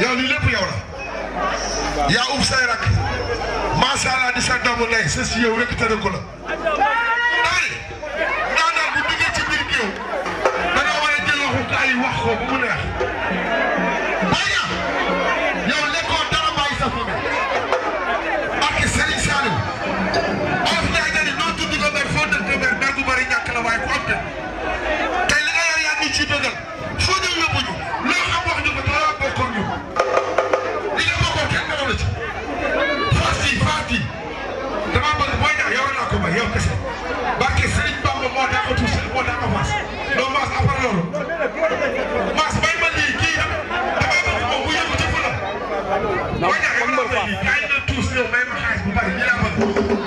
yow lii lépp yow la yaa ub say rak macha allah di sa doomu lay sa si yow rek tëral ko la. Merci. viens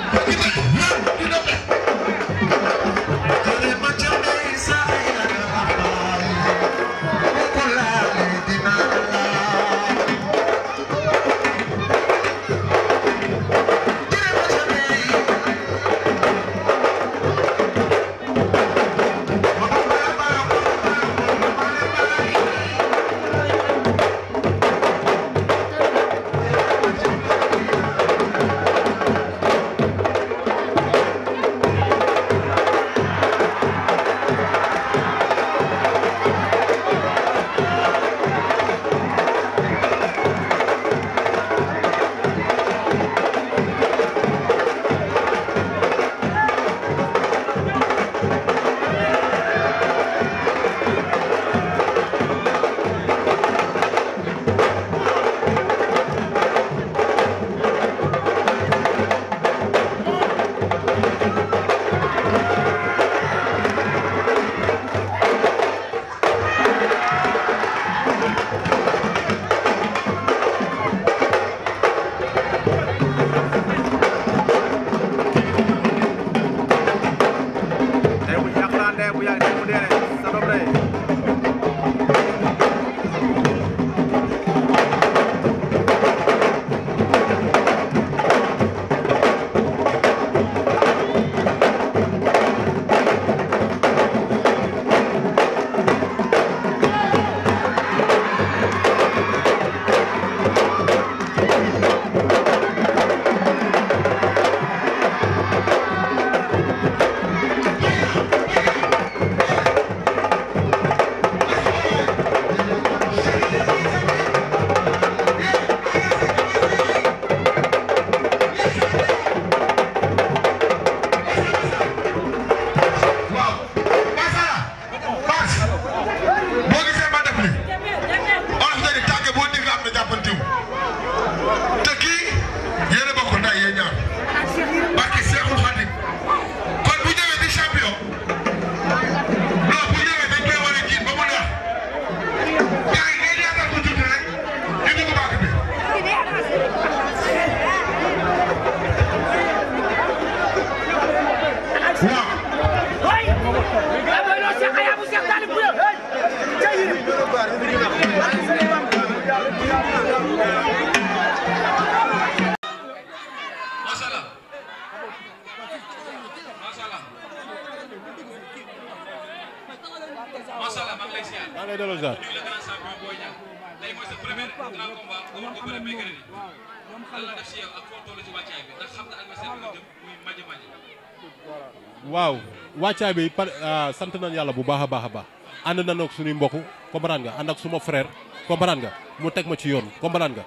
waaw wàccaay bi par ah, sant nan yàlla bu baax a baax a baax ànd nañ ak suñuy mbokk comprendre nga ànd ak suma frère comprendre nga mu teg ma ci yoon comprendre nga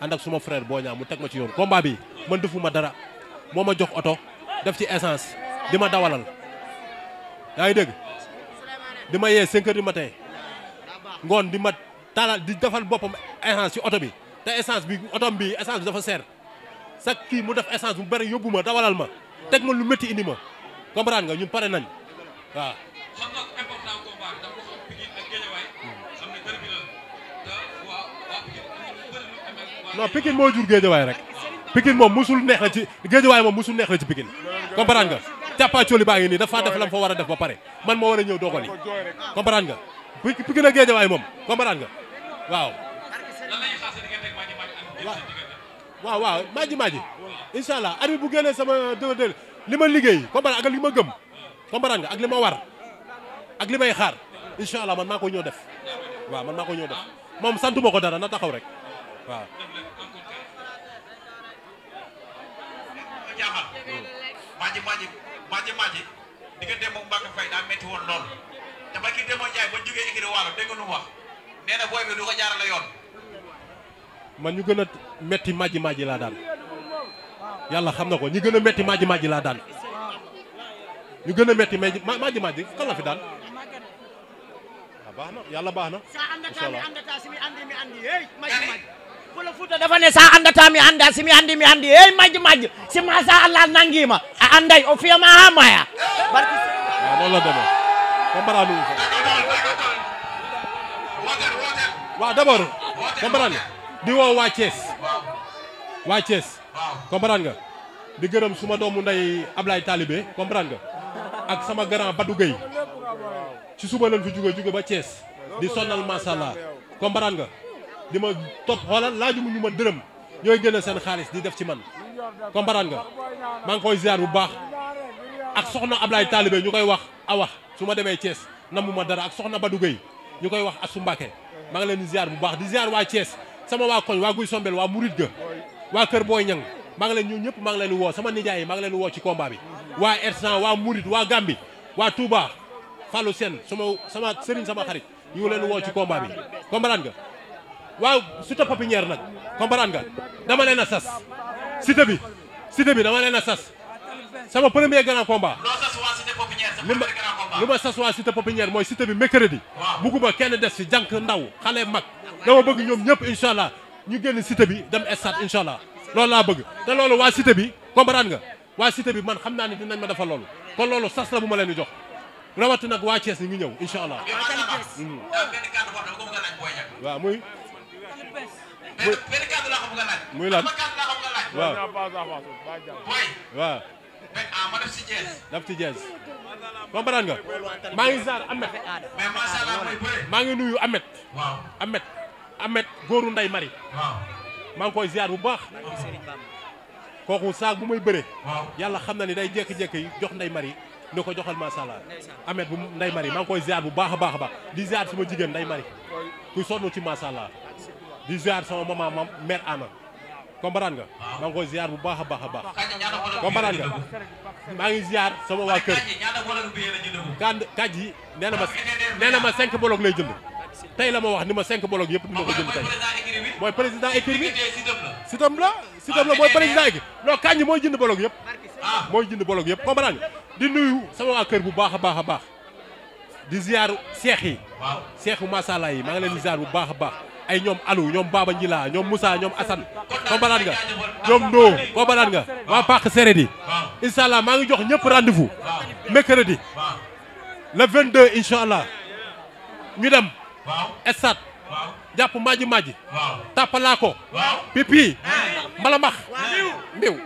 ànd ak suma frère boo ñaa mu teg ma ci yoon combat bi man ma dara moo ma jox oto def ci essence di ma dawalal yaa ngi dégg di ma yee 5 heures du matin ngoon di ma taalal di defal boppam essence ci oto bi te essence bi otom bi essence bi dafa seer sax kii mu def essange bu bari yóbbu ma dawalal ma teg ma lu metti indi ma comprendre nga ñun pare nañ waaw. non Pikine moo jur géejawaay rek Pikine moom musul neex la ci géejawaay moom musul neex la ci Pikine comprendre nga càppaacoli baa ngi nii dafa def lam fa war a def ba pare man moo war a ñëw dogal yi nga Pikine géejawaay moom comprendre nga waaw waaw waaw maaji maaji incha allah arbitre bu génnee sama dëgg li ma liggéey comprendre ak li ma gëm comprendre nga ak li ma war ak li may xaar incha allah man maa ko ñëw def waaw man maa ko ñëw def moom santu ma ko dara na taxaw rek waaw. maaji maaji maaji maaji diggante moom Mbacke Faye daa métti woon lool te ba ki demoon Ndiaye ba jógee écurie Waalo dégg nga lu mu wax nee booy bi du ko jaarale yoon. man ñu gën a metti maaji maaji laa daan yàlla xam na ko ñu gën a metti maaji maaji laa daan ñu gën a metti maaji maaji kan fi daan ah, baax na yàlla baax na Fula Fuuta dafa ne sa mi anda mi andi hey majj majj si ma sa Allah nangima a anday o fiyama ha maya barki waaw ah, noonu la demee comprendre waaw d'abord comprendre di woo waa komparan comprendre nga di geureum suma doomu nday ablay Talibé comprendre nga ak sama grand Badou gay ci suba lañ fi ba Thiès di sonal masalah, allah comprendre nga di ma top xoolal laaju mu ñu ma dërëm di def ci man comprendre nga maa ngi koy ziar bu baax ak soxna ablay Talibé ñu wax a wax suma démé Thiès namu dara ak soxna Badou gay ñu wax Assou Mbacké leen ziar bu baax di ziar wa Thiès sama wa koñ wa guy sombel wa mourid ga wa keur nyang, ñang ma nga leen ñu ñep ma nga leen wo sama nijaay ma nga ngi leen woo ci combat bi wa ersan wa mourid wa gambi wa touba fallu sen sama sama serigne sama xarit ñu len leen woo ci combat bi comprendre nga ta papi ñer nak comprendre nga dama leen assas sas bi cité bi dama leen sas sama premier grand combat li ma wa cité papi ñer moy cité bi mercredi ba kenn dess ci jank ndaw xalé mak dama bëgg ñoom ñëpp incha allah ñu génn cité bi dem stade incha allah loolu laa bëgg te loolu waa cité bi comprendre nga waa cité bi man xam naa ni dinañ ma defal loolu kon loolu sas la bu ma leen di jox rawati nag waa Thiès ni ngi ñëw incha allah. Hmm. waaw muy. muy lan waaw. waaw. Ah, daf ci jeez comprendre nga maa ngi ziar Amet maa ngi nuyu Amet Amet Amet góoru nday mari maa ngi koy ziar bu baax kooku saag bu may bëre yàlla xam na ni day jékki-jékki yi jox nday mari ni ko joxal maa sha Amet bu ndey mari maa koy ziar bu baax a baax a baax di ziar suma jigéen nday mari kuy sonn ci maa sha Allah di ziar sama maman mam mère Anna nga maa ngi koy bu baax a baax a baax comprendre maa ngi ziar sama waa kër kan kaj yi nee na ma nee na ma cinq bolok lay jënd tey la ma wax ni ma cinq bolog yëpp dina ko jënd tey mooy président écurie bi sitam la sitam la mooy président écurie non kañ mooy jënd bolog yëpp ah. mooy jënd bolog yëpp comprendre nga di nuyu sama waa kër bu baax a baax a baax di ziar seex yi seexu masala yi maa ngi leen di ziar bu baax a baax ay ñoom Aliou ñoom Baba Njila ñoom Moussa ñoom Assane comprendre nga ñoom Ndoo comprendre nga waa Pàq Séréer yi incha maa ngi jox ñëpp rendez-vous mercredi le 22 incha allah ñu dem estat jàpp maaji maaji tàppalaa ko pipi mbala max mbiw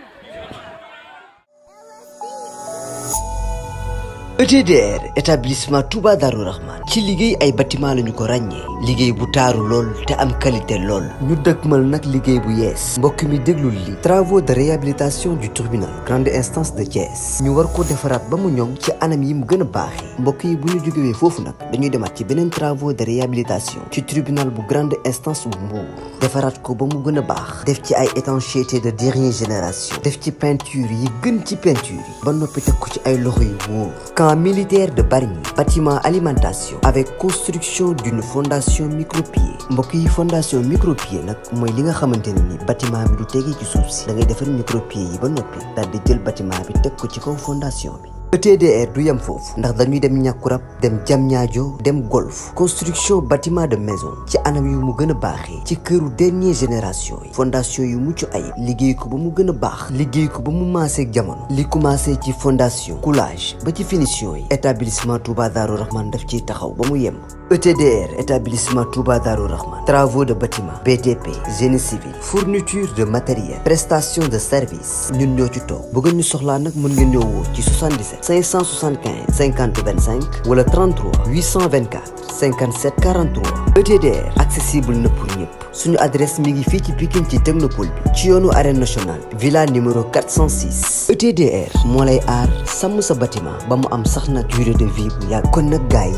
e Touba Darou ci liggéey ay bâtiment lañu ko ràññee liggéey bu taaru lool te am qualité lool ñu dëgmal nag liggéey bu yees mbokk mi déglul li travaux de réhabilitation du tribunal grande instance de Thiès ñu war ko defaraat ba mu ñoŋ ci anam yi mu gën a baaxee mbokk yi bu ñu jógewee foofu nag dañuy demaat ci beneen travaux de réhabilitation ci tribunal bu grande instance bu Mbour defaraat ko ba mu gën a baax def ci ay étanchéité de dernière génération def ci peinture yi gën ci peinture yi ba noppi teg ko ci ay loxo yu wóor camp militaire de Bargny bâtiment alimentation avec construction d'une fondation micro-pied, fondation micropieux nak moy li nga xamanteni ni bâtiment bi du tegee ci souf si da ngay micropieux yi ba nopi dal di jël bâtiment bi fondation ETDR du yem foofu ndax dañuy dem ñàkkurab dem jamñaajo dem golf construction bâtiment de maison ci anam yu mu gëna a ci këru dernier génération fondation yu muccu ay liggéey ko ba mu gën a liggéey ko ba mu maasee ak jamono li commencé ci fondation coulage ba ci finition yi établissement Touba Darou Rahman daf ci taxaw ba mu yem ETDR établissement Touba Darou Rahman travaux de bâtiment BTP génie civil fourniture de matériel prestation de service ñun ñoo ci toog bu ngeen ñu soxla nak mën ngeen ñoo ci 77 575 50 25 le 33 824 57 43 ETDR accessible ne pour nous. suñu adresse magnifique ngi fii ci Pikine ci technopole bi arène nationale villa numéro 406 ETDR moi lay aar Samu sa bâtiment am durée de vie bu yàgg kon nag gars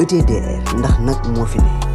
ETDR ndax Mofine.